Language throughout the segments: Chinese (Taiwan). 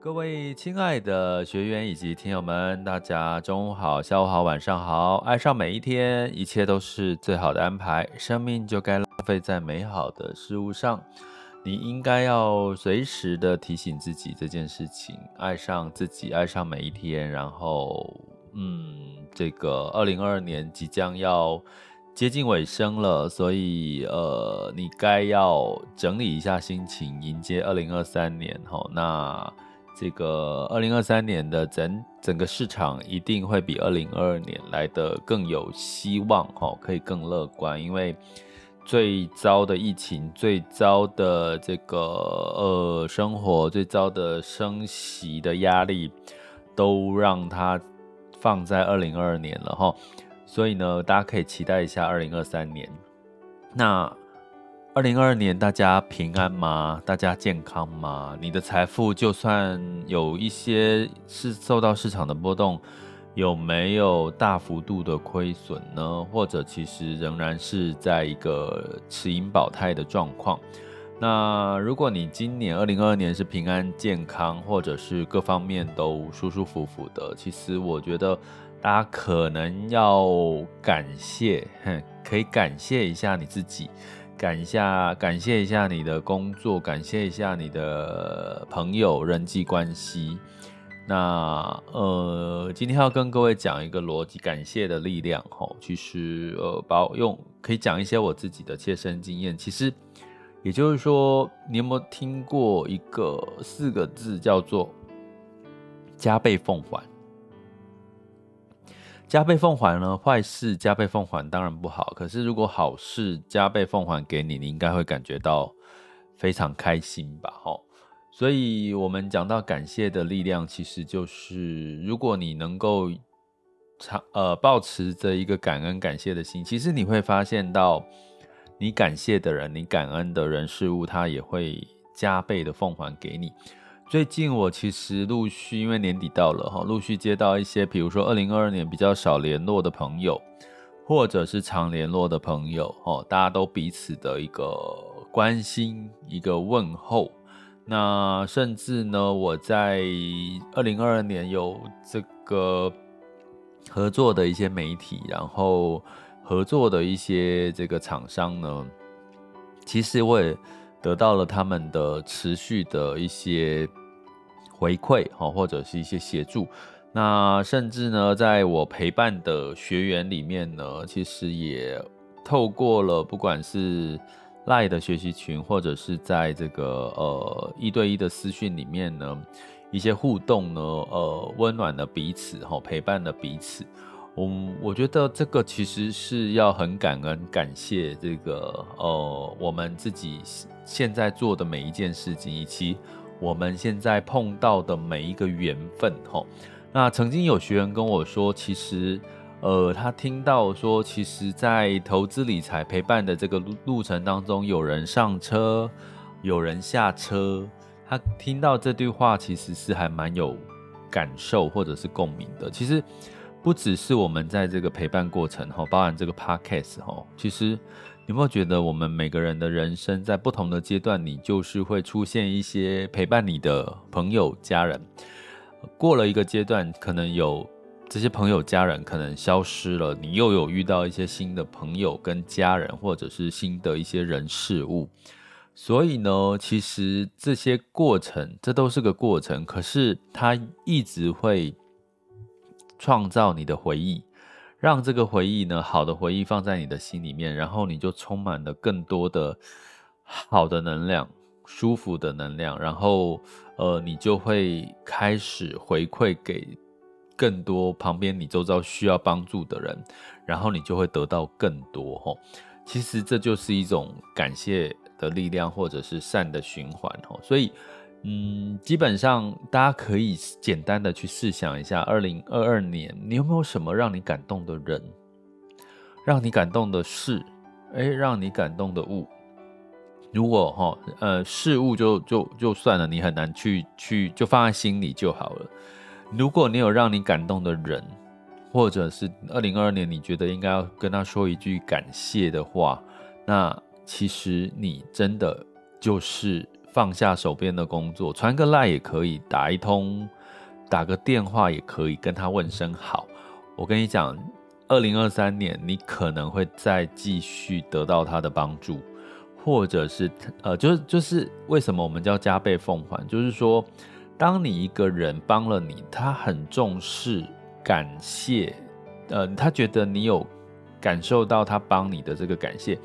各位親愛的學員以及聽友們，大家中午好，下午好，晚上好！愛上每一天，一切都是最好的安排。生命就該浪費在美好的事物上。你應該要隨時的提醒自己這件事情，愛上自己，愛上每一天。然後，嗯，這個二零二二年即將要接近尾聲了，所以呃，你該要整理一下心情，迎接二零二三年。哈，那。這個二零二三年的整整個市場一定會比二零二二年來的更有希望哈，可以更樂觀，因為最糟的疫情、最糟的這個呃生活、最糟的升息的壓力都讓它放在二零二二年了哈，所以呢，大家可以期待一下二零二三年。那。二零二二年，大家平安嗎？大家健康嗎？你的財富就算有一些是受到市場的波動，有沒有大幅度的虧損呢？或者其實仍然是在一個持盈保泰的狀況？那如果你今年二零二二年是平安健康，或者是各方面都舒舒服服的，其實我覺得大家可能要感謝，哼，可以感謝一下你自己。感一下，感謝一下你的工作，感謝一下你的朋友、人際關係。那呃，今天要跟各位講一個邏輯，感謝的力量哈。其實呃，把我用可以講一些我自己的切身經驗。其實也就是說，你有沒有聽過一個四個字叫做“加倍奉還”。加倍奉還呢？壞事加倍奉還當然不好，可是如果好事加倍奉還給你，你應該會感覺到非常開心吧？所以我們講到感謝的力量，其實就是如果你能夠常呃保持着一個感恩感謝的心，其實你會發現到你感謝的人、你感恩的人事物，他也會加倍的奉還給你。最近我其實陸續因為年底到了哈，陸續接到一些，比如說二零二二年比較少聯絡的朋友，或者是常聯絡的朋友，哈，大家都彼此的一個關心，一個問候。那甚至呢，我在二零二二年有這個合作的一些媒體，然後合作的一些這個廠商呢，其實我也。得到了他們的持續的一些回饋，或者是一些協助。那甚至呢，在我陪伴的學員裡面呢，其實也透過了不管是賴的學習群，或者是在這個呃一對一的私訊裡面呢，一些互動呢，呃，溫暖了彼此，陪伴了彼此。我、嗯、我覺得這個其實是要很感恩、感謝這個呃，我們自己。現在做的每一件事情，以及我們現在碰到的每一個緣分，吼，那曾經有學員跟我說，其實，呃，他聽到說，其實，在投資理財陪伴的這個路路程當中，有人上車，有人下車。他聽到這句話，其實是還蠻有感受或者是共鳴的。其實，不只是我們在這個陪伴過程，吼，包含這個 podcast 吼，其實。你有沒有覺得我們每個人的人生，在不同的階段，你就是會出現一些陪伴你的朋友、家人。過了一個階段，可能有這些朋友、家人可能消失了，你又有遇到一些新的朋友跟家人，或者是新的一些人事物。所以呢，其實這些過程，這都是個過程，可是它一直會創造你的回憶。讓這個回憶呢，好的回憶放在你的心裡面，然後你就充滿了更多的好的能量、舒服的能量，然後呃，你就會開始回饋給更多旁邊你周遭需要幫助的人，然後你就會得到更多吼。其實這就是一種感謝的力量，或者是善的循環吼，所以。嗯，基本上大家可以簡單的去試想一下，二零二二年你有沒有什麼讓你感動的人？讓你感動的事，哎、欸，讓你感動的物。如果哈，呃，事物就就就算了，你很難去去就放在心裡就好了。如果你有讓你感動的人，或者是二零二二年你覺得應該要跟他說一句感謝的話，那其實你真的就是。放下手邊的工作，傳個賴也可以，打一通，打個電話也可以，跟他問聲好。我跟你講，二零二三年你可能會再繼續得到他的幫助，或者是呃，就是就是為什麼我們叫加倍奉還？就是說，當你一個人幫了你，他很重視感謝，呃，他覺得你有感受到他幫你的這個感謝，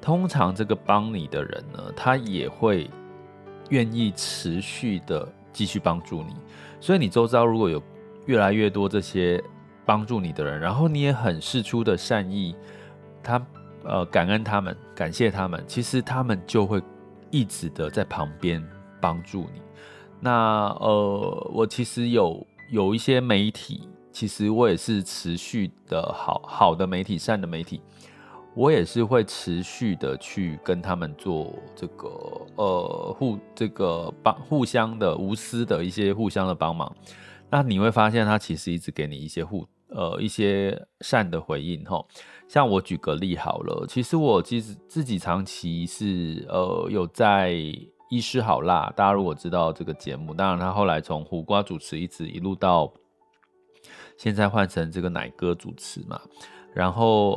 通常這個幫你的人呢，他也會。願意持續的繼續幫助你，所以你周遭如果有越來越多這些幫助你的人，然後你也很釋出的善意，他呃感恩他們，感謝他們，其實他們就會一直的在旁邊幫助你。那呃，我其實有有一些媒體，其實我也是持續的好好的媒體，善的媒體。我也是會持續的去跟他們做這個呃互這個幫互相的無私的一些互相的幫忙，那你會發現他其實一直給你一些互呃一些善的回應吼。像我舉個例好了，其實我其實自己長期是呃有在《醫師好辣》，大家如果知道這個節目，當然他後來從胡瓜主持一直一路到現在換成這個乃哥主持嘛。然後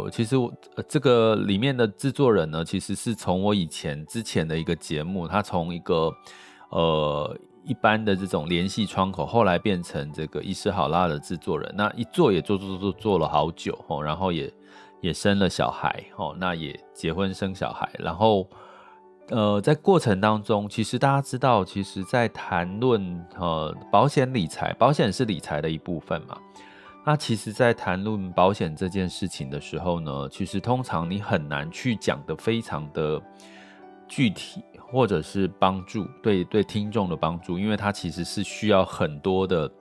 呃，其實我、呃、這個裡面的製作人呢，其實是從我以前之前的一個節目，他從一個呃一般的這種聯繫窗口，後來變成這個伊斯好拉的製作人。那一做也做做做做了好久、哦、然後也也生了小孩、哦、那也結婚生小孩，然後呃，在過程當中，其實大家知道，其實，在談論呃保險理財，保險是理財的一部分嘛。那、啊、其實，在談論保險這件事情的時候呢，其實通常你很難去講得非常的具體，或者是幫助對對聽眾的幫助，因為它其實是需要很多的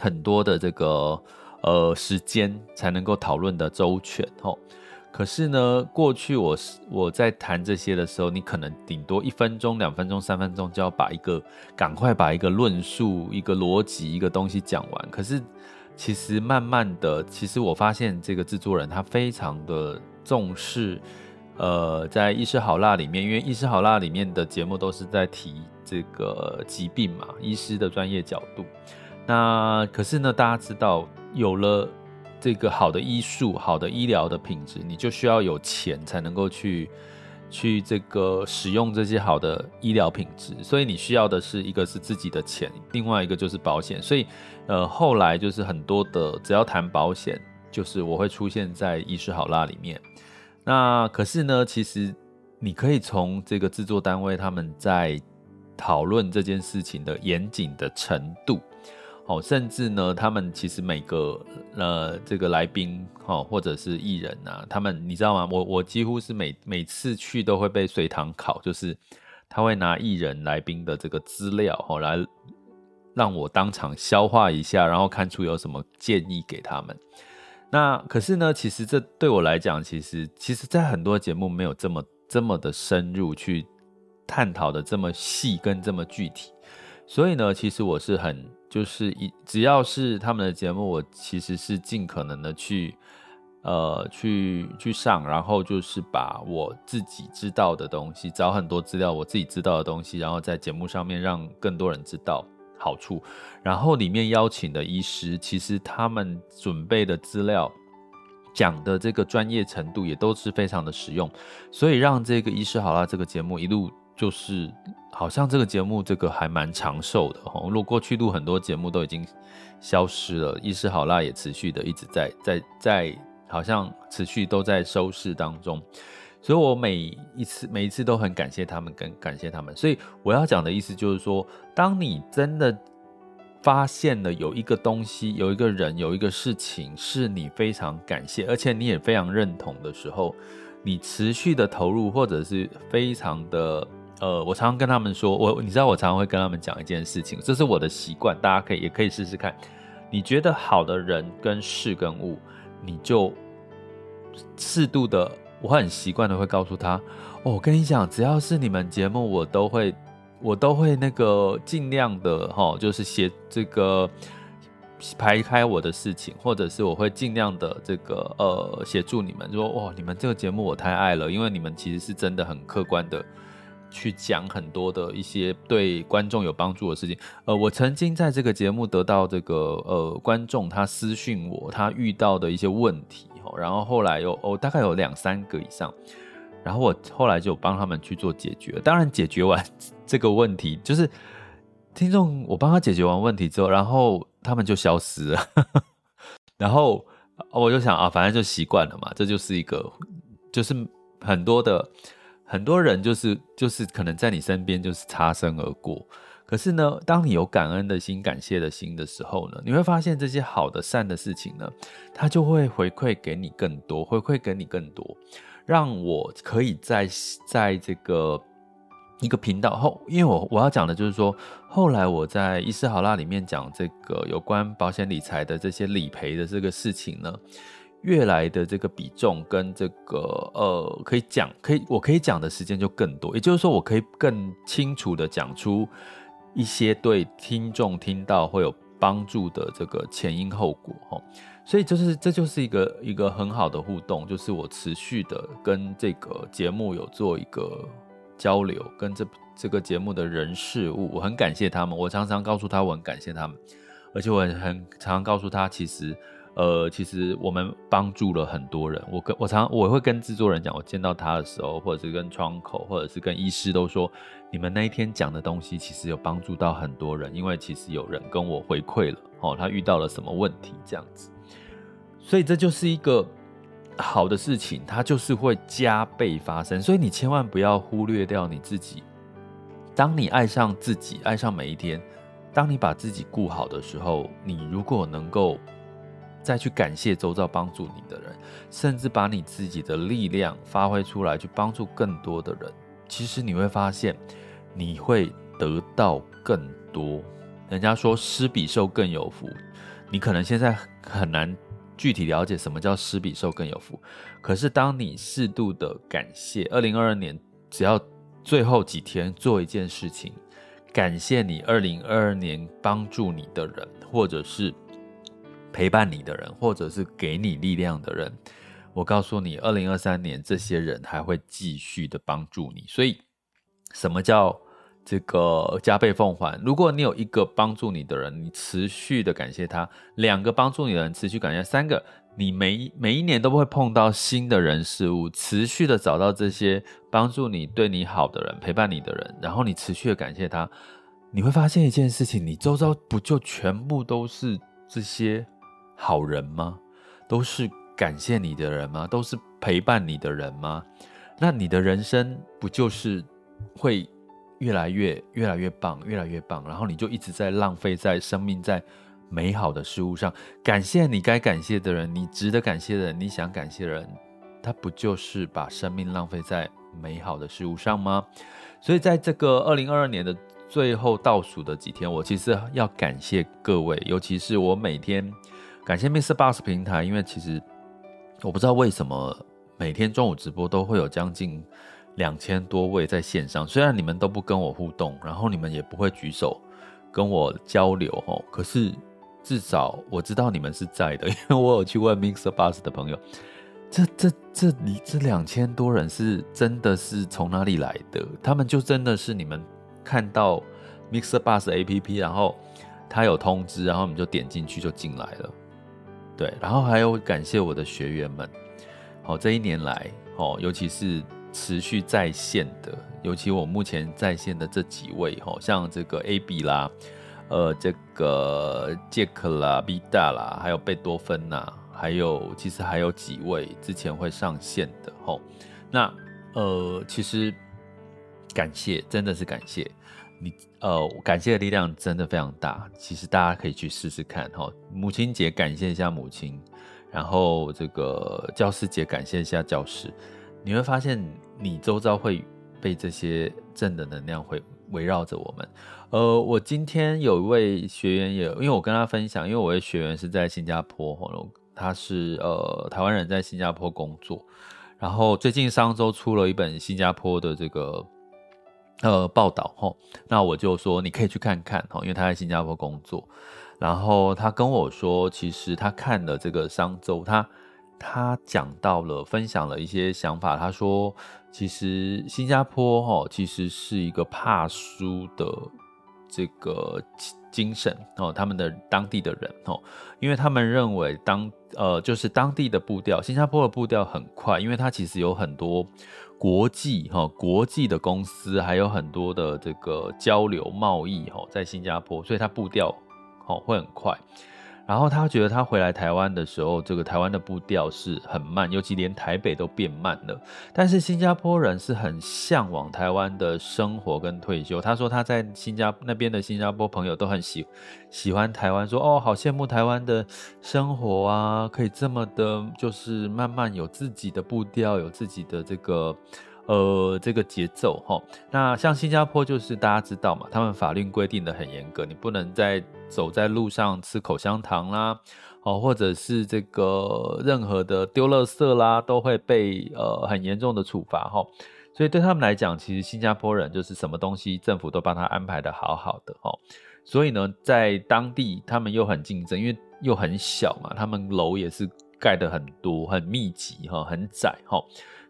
很多的這個呃時間才能夠討論的周全哦。可是呢，過去我我在談這些的時候，你可能頂多一分鐘、兩分鐘、三分鐘就要把一個趕快把一個論述、一個邏輯、一個東西講完，可是。其實慢慢的，其實我發現這個製作人他非常的重視，呃，在《醫師好辣》裡面，因為《醫師好辣》裡面的節目都是在提這個疾病嘛，醫師的專業角度。那可是呢，大家知道，有了這個好的醫術、好的醫療的品質，你就需要有錢才能夠去。去這個使用這些好的醫療品質，所以你需要的是一個是自己的錢，另外一個就是保險。所以，呃，後來就是很多的，只要談保險，就是我會出現在《醫師好辣》裡面。那可是呢，其實你可以從這個製作單位他們在討論這件事情的嚴謹的程度。哦，甚至呢，他們其實每個呃，這個來賓或者是藝人吶、啊，他們你知道嗎？我我幾乎是每每次去都會被隨堂考，就是他會拿藝人來賓的這個資料哈來讓我當場消化一下，然後看出有什麼建議給他們。那可是呢，其實這對我來講，其實其實在很多節目沒有這麼這麼的深入去探討的這麼細跟這麼具體，所以呢，其實我是很。就是一只要是他們的節目，我其實是盡可能的去，呃，去去上，然後就是把我自己知道的東西，找很多資料，我自己知道的東西，然後在節目上面讓更多人知道好處。然後裡面邀請的醫師，其實他們準備的資料講的這個專業程度也都是非常的實用，所以讓這個醫師好了，這個節目一路。就是好像這個節目，這個還蠻長壽的哈。如果、嗯、過去錄很多節目都已經消失了，《一時好啦，也持續的一直在在在，在，好像持續都在收視當中。所以，我每一次每一次都很感謝他們，跟感謝他們。所以我要講的意思就是說，當你真的發現了有一個東西、有一個人、有一個事情是你非常感謝，而且你也非常認同的時候，你持續的投入，或者是非常的。呃，我常常跟他們說，我你知道，我常常會跟他們講一件事情，這是我的習慣，大家可以也可以試試看。你覺得好的人跟事跟物，你就適度的，我很習慣的會告訴他。哦，我跟你講，只要是你們節目，我都會我都會那個盡量的，哦，就是寫這個排開我的事情，或者是我會盡量的這個呃協助你們。說哇，哦，你們這個節目我太愛了，因為你們其實是真的很客觀的。去講很多的一些對觀眾有幫助的事情。呃，我曾經在這個節目得到這個呃觀眾他私訊我，他遇到的一些問題，然後後來有我、哦、大概有兩三個以上，然後我後來就幫他們去做解決。當然，解決完這個問題，就是聽眾我幫他解決完問題之後，然後他們就消失了。 然後我就想啊，反正就習慣了嘛，這就是一個就是很多的。很多人就是就是可能在你身邊就是擦身而過，可是呢，當你有感恩的心、感謝的心的時候呢，你會發現這些好的、善的事情呢，它就會回饋給你更多，回饋給你更多，讓我可以在在這個一個頻道後，因為我我要講的就是說，後來我在醫師好辣裡面講這個有關保險理財的這些理賠的這個事情呢。越來的這個比重跟這個呃，可以講，可以我可以講的時間就更多，也就是說，我可以更清楚的講出一些對聽眾聽到會有幫助的這個前因後果，哦。所以就是這就是一個一個很好的互動，就是我持續的跟這個節目有做一個交流，跟這這個節目的人事物，我很感謝他們，我常常告訴他我很感謝他們，而且我很常常告訴他其實。呃，其實我們幫助了很多人。我跟我常我會跟製作人講，我見到他的時候，或者是跟窗口，或者是跟醫師，都說你們那一天講的東西，其實有幫助到很多人，因為其實有人跟我回饋了，哦，他遇到了什麼問題這樣子。所以這就是一個好的事情，它就是會加倍發生。所以你千萬不要忽略掉你自己。當你愛上自己，愛上每一天，當你把自己顧好的時候，你如果能夠。再去感謝周遭幫助你的人，甚至把你自己的力量發揮出來去幫助更多的人，其實你會發現你會得到更多。人家說施比受更有福，你可能現在很難具體了解什麼叫施比受更有福，可是當你適度的感謝，二零二二年只要最後幾天做一件事情，感謝你二零二二年幫助你的人，或者是。陪伴你的人，或者是給你力量的人，我告訴你，二零二三年這些人還會繼續的幫助你。所以，什麼叫這個加倍奉還？如果你有一個幫助你的人，你持續的感謝他；兩個幫助你的人，持續感謝；三個，你每每一年都會碰到新的人事物，持續的找到這些幫助你、對你好的人、陪伴你的人，然後你持續的感謝他，你會發現一件事情，你周遭不就全部都是這些？好人嗎？都是感謝你的人嗎？都是陪伴你的人嗎？那你的人生不就是會越來越、越來越棒，越來越棒？然後你就一直在浪費在生命，在美好的事物上，感謝你該感謝的人，你值得感謝的人，你想感謝的人，它不就是把生命浪費在美好的事物上嗎？所以在這個二零二二年的最後倒數的幾天，我其實要感謝各位，尤其是我每天。感謝 Mixer Bus 平台，因為其實我不知道為什麼每天中午直播都會有將近兩千多位在線上。雖然你們都不跟我互動，然後你們也不會舉手跟我交流哦，可是至少我知道你們是在的，因為我有去問 Mixer Bus 的朋友，這、這、這裡這兩千多人是真的是從哪裡來的？他們就真的是你們看到 Mixer Bus APP，然後他有通知，然後你們就點進去就進來了。對，然後還有感謝我的學員們，哦，這一年來，哦，尤其是持續在線的，尤其我目前在線的這幾位，哦，像這個 AB 啦，呃，這個傑克啦、比大啦，還有貝多芬吶，還有其實還有幾位之前會上線的，哦。那呃，其實感謝，真的是感謝。你呃，感謝的力量真的非常大。其實大家可以去試試看哈，母親節感謝一下母親，然後這個教師節感謝一下教師，你會發現你周遭會被這些正的能量會圍繞着我們。呃，我今天有一位學員也，因為我跟他分享，因為我的學員是在新加坡哈，他是呃台灣人在新加坡工作，然後最近上周出了一本新加坡的這個。呃，報道吼，那我就說你可以去看看吼，因為他在新加坡工作。然後他跟我說，其實他看了這個商周，他他講到了，分享了一些想法。他說，其實新加坡吼，其實是一個怕輸的這個精神哦，他們的當地的人哦，因為他們認為當呃，就是當地的步調，新加坡的步調很快，因為他其實有很多。國際哈，國際的公司還有很多的這個交流貿易哈，在新加坡，所以它步調哈會很快。然後他覺得他回來台灣的時候，這個台灣的步調是很慢，尤其連台北都變慢了。但是新加坡人是很嚮往台灣的生活跟退休，他說他在新加那邊的新加坡朋友都很喜喜歡台灣，說哦，好羨慕台灣的生活啊，可以這麼的，就是慢慢有自己的步調，有自己的這個。呃，這個節奏哈，那像新加坡就是大家知道嘛，他們法律規定得很嚴格，你不能再走在路上吃口香糖啦，哦，或者是這個任何的丟垃圾啦，都會被呃很嚴重的處罰哈。所以對他們來講，其實新加坡人就是什麼東西政府都幫他安排得好好的哈。所以呢，在當地他們又很競爭，因為又很小嘛，他們樓也是蓋得很多，很密集哈，很窄哈。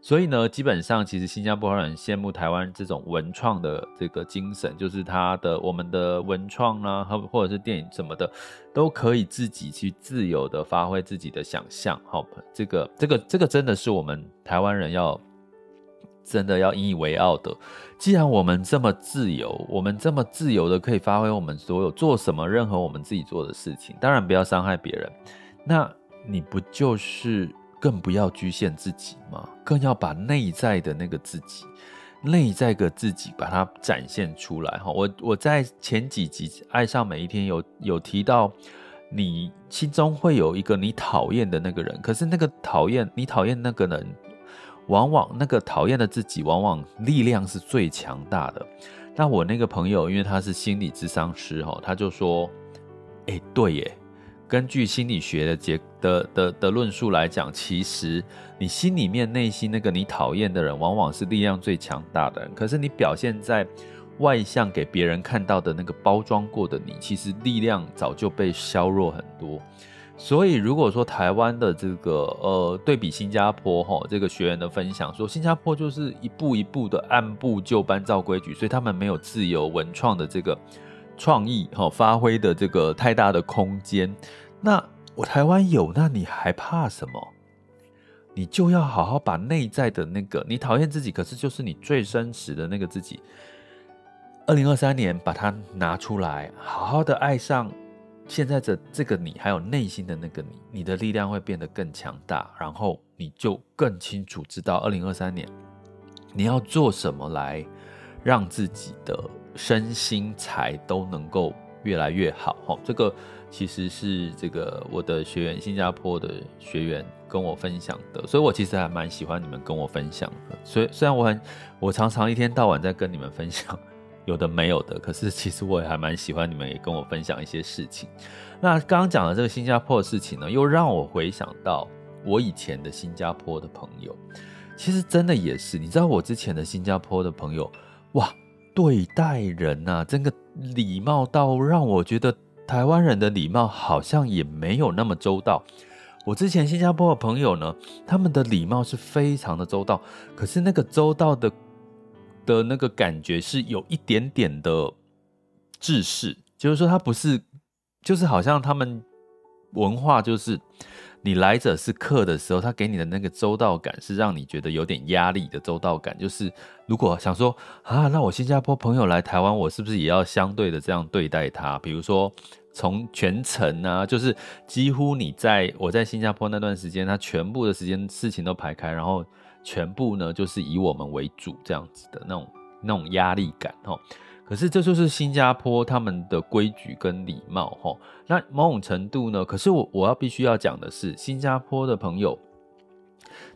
所以呢，基本上其實新加坡人很羨慕台灣這種文創的這個精神，就是他的我們的文創啊或者是電影什麼的，都可以自己去自由的發揮自己的想象。好吧，這個這個這個真的是我們台灣人要真的要引以為傲的。既然我們這麼自由，我們這麼自由的可以發揮我們所有做什麼任何我們自己做的事情，當然不要傷害別人。那你不就是？更不要局限自己嘛，更要把內在的那個自己，內在的自己把它展現出來哈。我我在前幾集《愛上每一天》有有提到，你心中會有一個你討厭的那個人，可是那個討厭你討厭那個人，往往那個討厭的自己往往力量是最強大的。那我那個朋友因為他是心理諮商師哈，他就說，哎、欸，對耶。根據心理學的結的的的論述來講，其實你心裡面內心那個你討厭的人，往往是力量最強大的人。可是你表現在外向給別人看到的那個包裝過的你，其實力量早就被削弱很多。所以如果說台灣的這個呃對比新加坡哈，這個學員的分享說，新加坡就是一步一步的按部就班、照規矩，所以他們沒有自由文創的這個。創意哈發揮的這個太大的空間，那我台灣有，那你還怕什麼？你就要好好把內在的那個你討厭自己，可是就是你最真實的那個自己。二零二三年把它拿出來，好好的愛上現在的這個你，還有內心的那個你，你的力量會變得更強大，然後你就更清楚知道二零二三年你要做什麼來讓自己的。身心財都能夠越來越好，這個其實是這個我的學員，新加坡的學員跟我分享的，所以我其實還蠻喜歡你們跟我分享的。所以雖然我很，我常常一天到晚在跟你們分享有的沒有的，可是其實我也還蠻喜歡你們也跟我分享一些事情。那剛剛講的這個新加坡的事情呢，又讓我回想到我以前的新加坡的朋友，其實真的也是，你知道我之前的新加坡的朋友哇。對待人吶、啊，這個禮貌到讓我覺得台灣人的禮貌好像也沒有那麼周到。我之前新加坡的朋友呢，他們的禮貌是非常的周到，可是那個周到的的那個感覺是有一點點的制式，就是說他不是，就是好像他們。文化就是，你來者是客的時候，他給你的那個周到感是讓你覺得有點壓力的周到感。就是如果想說啊，那我新加坡朋友來台灣，我是不是也要相對的這樣對待他？比如說從全程呢，啊，就是幾乎你在我在新加坡那段時間，他全部的時間事情都排開，然後全部呢就是以我們為主這樣子的那種那種壓力感哦。可是這就是新加坡他們的規矩跟禮貌齁。那某種程度呢？可是我我要必須要講的是，新加坡的朋友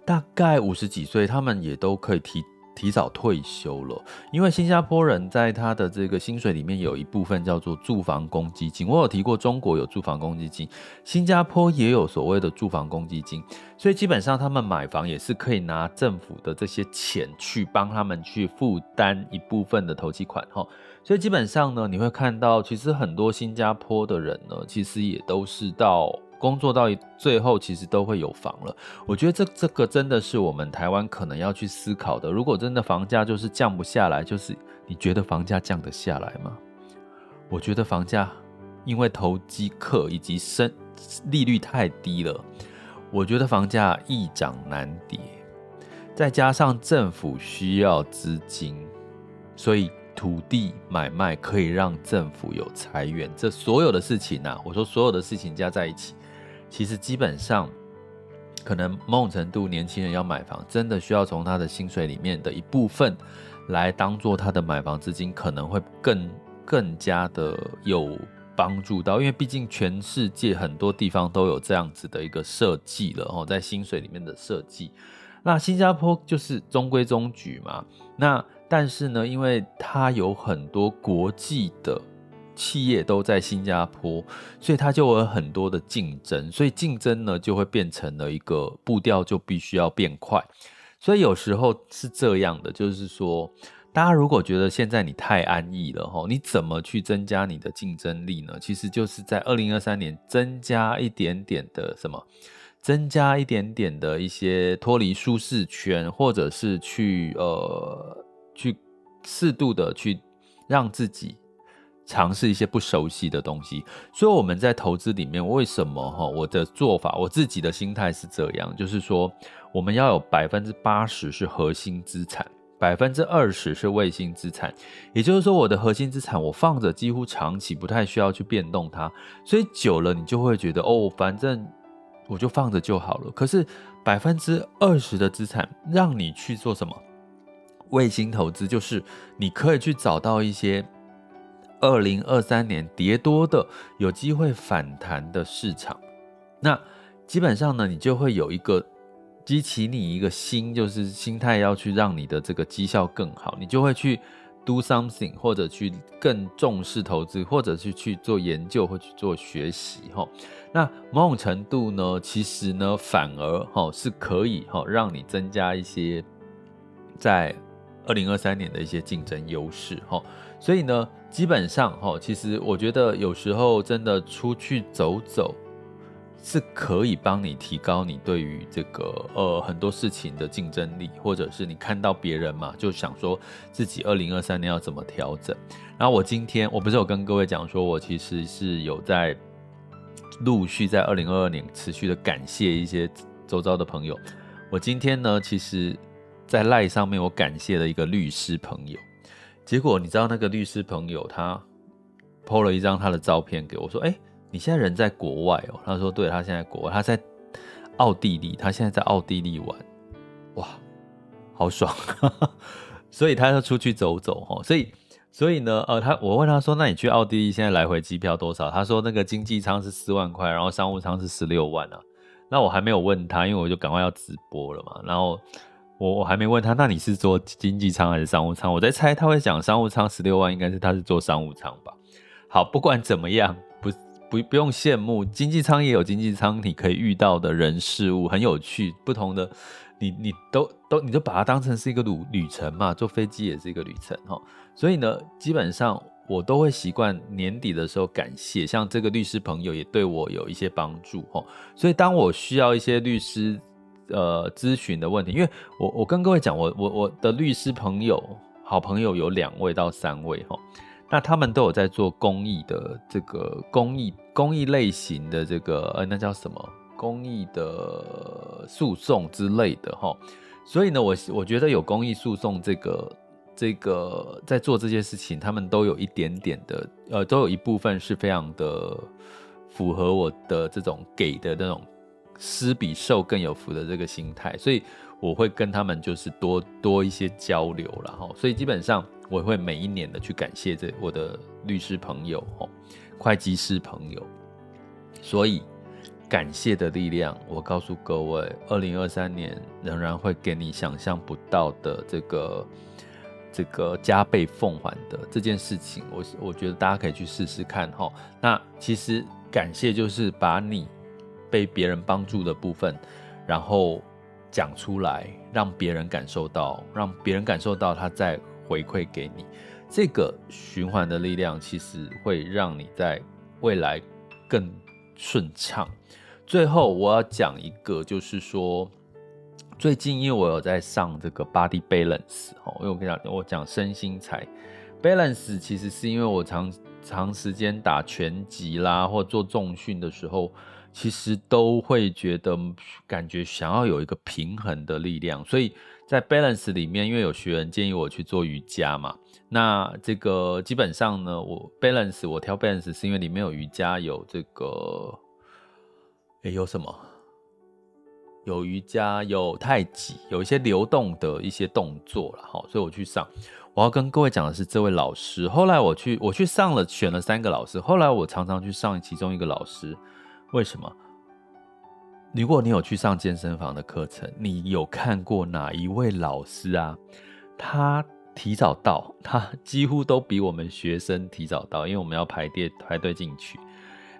大概五十幾歲，他們也都可以提。提早退休了，因為新加坡人在他的這個薪水裡面有一部分叫做住房公積金。我有提過，中國有住房公積金，新加坡也有所謂的住房公積金，所以基本上他們買房也是可以拿政府的這些錢去幫他們去負擔一部分的頭期款。所以基本上呢，你會看到其實很多新加坡的人呢，其實也都是到。工作到最後，其實都會有房了。我覺得這這個真的是我們台灣可能要去思考的。如果真的房價就是降不下來，就是你覺得房價降得下來嗎？我覺得房價因為投機客以及升利率太低了，我覺得房價易漲難跌。再加上政府需要資金，所以土地買賣可以讓政府有財源。這所有的事情啊，我說所有的事情加在一起。其實基本上，可能某種程度，年輕人要買房，真的需要從他的薪水裡面的一部分來當做他的買房資金，可能會更更加的有幫助到。因為畢竟全世界很多地方都有這樣子的一個設計了哦，在薪水裡面的設計。那新加坡就是中規中矩嘛。那但是呢，因為它有很多國際的。企業都在新加坡，所以它就有很多的競爭，所以競爭呢就會變成了一個步調就必須要變快，所以有時候是這樣的，就是說，大家如果覺得現在你太安逸了哈，你怎麼去增加你的競爭力呢？其實就是在二零二三年增加一點點的什麼，增加一點點的一些脫離舒適圈，或者是去呃去適度的去讓自己。嘗試一些不熟悉的東西，所以我們在投資裡面，為什麼哈？我的做法，我自己的心態是這樣，就是說我們要有百分之八十是核心資產，百分之二十是衛星資產。也就是說，我的核心資產我放着，幾乎長期不太需要去變動它，所以久了你就會覺得哦，反正我就放着就好了。可是百分之二十的資產讓你去做什麼？衛星投資就是你可以去找到一些。二零二三年跌多的有機會反彈的市場，那基本上呢，你就會有一個激起你一個心，就是心態要去讓你的這個績效更好，你就會去 do something，或者去更重視投資，或者是去做研究，或者去做學習，那某種程度呢，其實呢，反而是可以讓你增加一些在二零二三年的一些競爭優勢，所以呢。基本上，哈，其實我覺得有時候真的出去走走，是可以幫你提高你對於這個呃很多事情的競爭力，或者是你看到別人嘛，就想說自己二零二三年要怎麼調整。然後我今天我不是有跟各位講說，我其實是有在陸續在二零二二年持續的感謝一些周遭的朋友。我今天呢，其實在賴上面我感謝了一個律師朋友。結果你知道那個律師朋友他，po 了一張他的照片給我，說：“哎，你現在人在國外哦。”他說：“對，他現在國外，他在奧地利，他現在在奧地利玩，哇，好爽。 ”所以他要出去走走齁。所以，所以呢，呃，他我問他說：“那你去奧地利現在來回機票多少？”他說：“那個經濟艙是四萬塊，然後商務艙是十六萬啊。”那我還沒有問他，因為我就趕快要直播了嘛。然後。我我還沒問他，那你是坐經濟艙還是商務艙？我在猜他會講商務艙十六萬，應該是他是坐商務艙吧。好，不管怎麼樣，不不不用羨慕經濟艙也有經濟艙，你可以遇到的人事物很有趣，不同的，你你都都你就把它當成是一個旅旅程嘛，坐飛機也是一個旅程哈。所以呢，基本上我都會習慣年底的時候感謝，像這個律師朋友也對我有一些幫助哦。所以當我需要一些律師。呃，諮詢的問題，因為我我跟各位講，我我我的律師朋友，好朋友有兩位到三位哈，那他們都有在做公益的這個公益公益類型的這個呃，那叫什麼？公益的訴訟之類的哈，所以呢，我我覺得有公益訴訟這個這個在做這些事情，他們都有一點點的，呃，都有一部分是非常的符合我的這種給的那種。施比受更有福的這個心態，所以我會跟他們就是多多一些交流。然後所以基本上我會每一年的去感謝這我的律師朋友、會計師朋友。所以感謝的力量，我告訴各位，二零二三年仍然會給你想象不到的這個這個加倍奉還的這件事情。我我覺得大家可以去試試看哈。那其實感謝就是把你。被別人幫助的部分，然後講出來，讓別人感受到，讓別人感受到，他再回饋給你，這個循環的力量其實會讓你在未來更順暢。最後我要講一個，就是說最近因為我有在上這個 body balance，因為我跟你講，我講身心財 balance，其實是因為我長長時間打拳擊啦，或做重訓的時候。其實都會覺得感覺想要有一個平衡的力量，所以在 Balance 裡面，因為有學員建議我去做瑜伽嘛，那這個基本上呢，我 Balance 我挑 Balance 是因為裡面有瑜伽，有這個哎、欸、有什麼？有瑜伽，有太極，有一些流動的一些動作了好，所以我去上。我要跟各位講的是，這位老師，後來我去我去上了，選了三個老師，後來我常常去上其中一個老師。為什麼？如果你有去上健身房的課程，你有看過哪一位老師啊？他提早到，他幾乎都比我們學生提早到，因為我們要排隊排隊進去。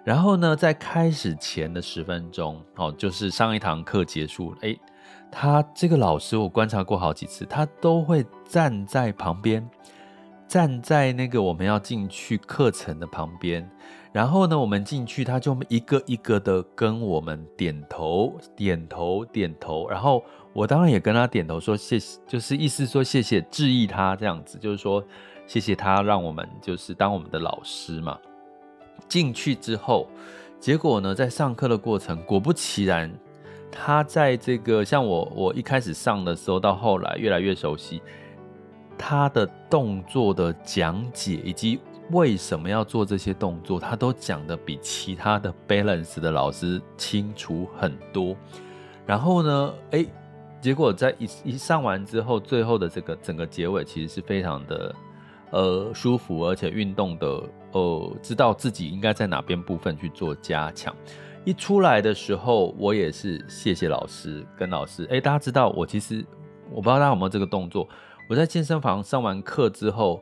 然後呢，在開始前的十分鐘，哦，就是上一堂課結束，誒，他這個老師我觀察過好幾次，他都會站在旁邊，站在那個我們要進去課程的旁邊。然後呢，我們進去，他就一個一個的跟我們點頭、點頭、點頭。然後我當然也跟他點頭說謝謝，就是意思說謝謝，致意他這樣子，就是說謝謝他讓我們就是當我們的老師嘛。進去之後，結果呢，在上課的過程，果不其然，他在這個像我，我一開始上的時候，到後來越來越熟悉他的動作的講解以及。為什麼要做這些動作？他都講得比其他的 balance 的老師清楚很多。然後呢，哎，結果在一一上完之後，最後的這個整個結尾其實是非常的呃舒服，而且運動的呃，知道自己應該在哪邊部分去做加強。一出來的時候，我也是謝謝老師跟老師，哎，大家知道我其實我不知道大家有沒有這個動作，我在健身房上完課之後。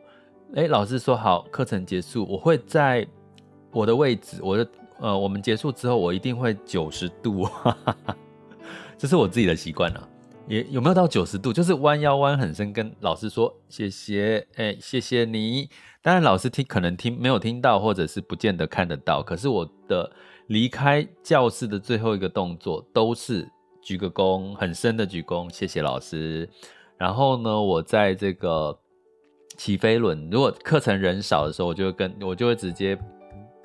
哎，老師說好，課程結束，我會在我的位置，我的呃，我們結束之後，我一定會九十度哈哈哈哈，這是我自己的習慣了、啊。也有沒有到九十度，就是彎腰彎很深，跟老師說謝謝，哎，謝謝你。當然，老師聽可能聽沒有聽到，或者是不見得看得到，可是我的離開教室的最後一個動作都是鞠個躬，很深的鞠躬，謝謝老師。然後呢，我在這個。騎飛輪，如果課程人少的時候，我就會跟，我就會直接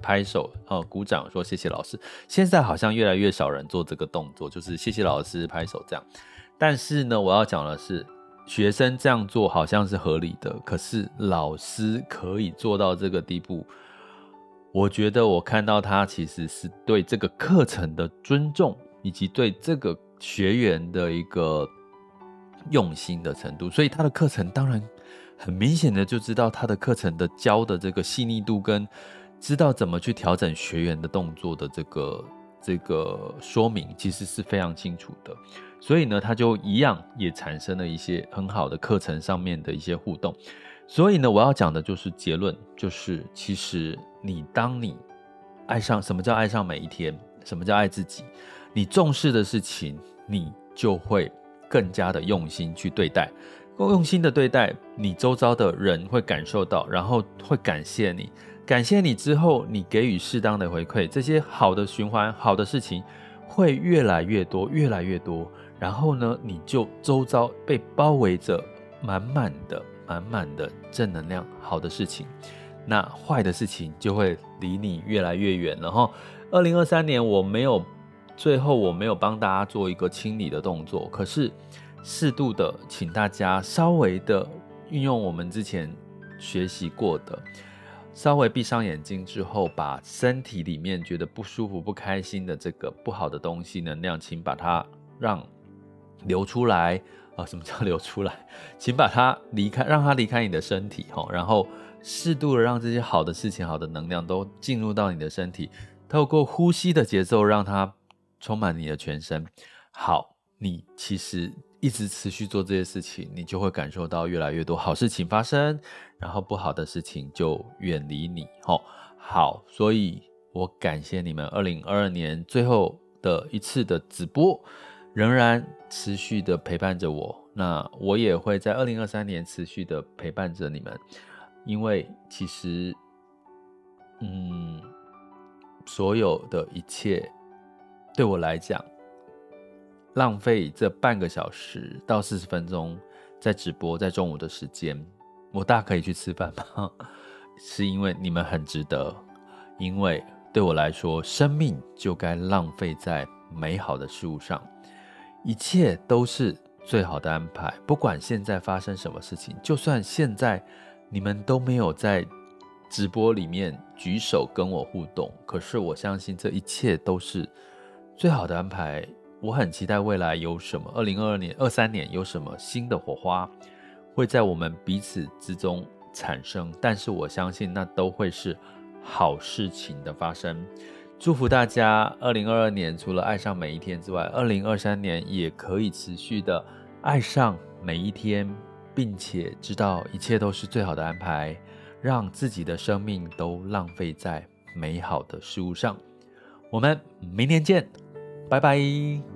拍手哦、嗯，鼓掌說謝謝老師。現在好像越來越少人做這個動作，就是謝謝老師拍手這樣。但是呢，我要講的是，學生這樣做好像是合理的，可是老師可以做到這個地步，我覺得我看到他其實是對這個課程的尊重，以及對這個學員的一個用心的程度，所以他的課程當然。很明顯的就知道他的課程的教的這個細膩度，跟知道怎麼去調整學員的動作的這個這個說明其實是非常清楚的，所以呢，他就一樣也產生了一些很好的課程上面的一些互動。所以呢，我要講的就是結論，就是其實你當你愛上什麼叫愛上每一天，什麼叫愛自己，你重視的事情，你就會更加的用心去對待，夠用心的對待你周遭的人，會感受到，然後會感謝你，感謝你之後，你給予適當的回饋，這些好的循環，好的事情會越來越多，越來越多。然後呢，你就周遭被包圍着滿滿的、滿滿的正能量，好的事情，那壞的事情就會離你越來越遠了。然後，二零二三年我沒有最後我沒有幫大家做一個清理的動作，可是。適度的，請大家稍微的運用我們之前學習過的，稍微閉上眼睛之後，把身體裡面覺得不舒服、不開心的這個不好的東西能量，請把它讓流出來啊！什麼叫流出來？請把它離開，讓它離開你的身體哈。然後適度的讓這些好的事情、好的能量都進入到你的身體，透過呼吸的節奏，讓它充滿你的全身。好，你其實。一直持續做這些事情，你就會感受到越來越多好事情發生，然後不好的事情就遠離你。哦。好，所以我感謝你們，二零二二年最後的一次的直播，仍然持續的陪伴着我。那我也會在二零二三年持續的陪伴着你們，因為其實，嗯，所有的一切對我來講。浪費這半個小時到四十分鐘在直播，在中午的時間，我大可以去吃飯嗎？是因為你們很值得，因為對我來說，生命就該浪費在美好的事物上，一切都是最好的安排。不管現在發生什麼事情，就算現在你們都沒有在直播裡面舉手跟我互動，可是我相信這一切都是最好的安排。我很期待未來有什麼，二零二二年、二三年有什麼新的火花會在我們彼此之中產生。但是我相信那都會是好事情的發生。祝福大家，二零二二年除了愛上每一天之外，二零二三年也可以持續的愛上每一天，並且知道一切都是最好的安排，讓自己的生命都浪費在美好的事物上。我們明天見。拜拜。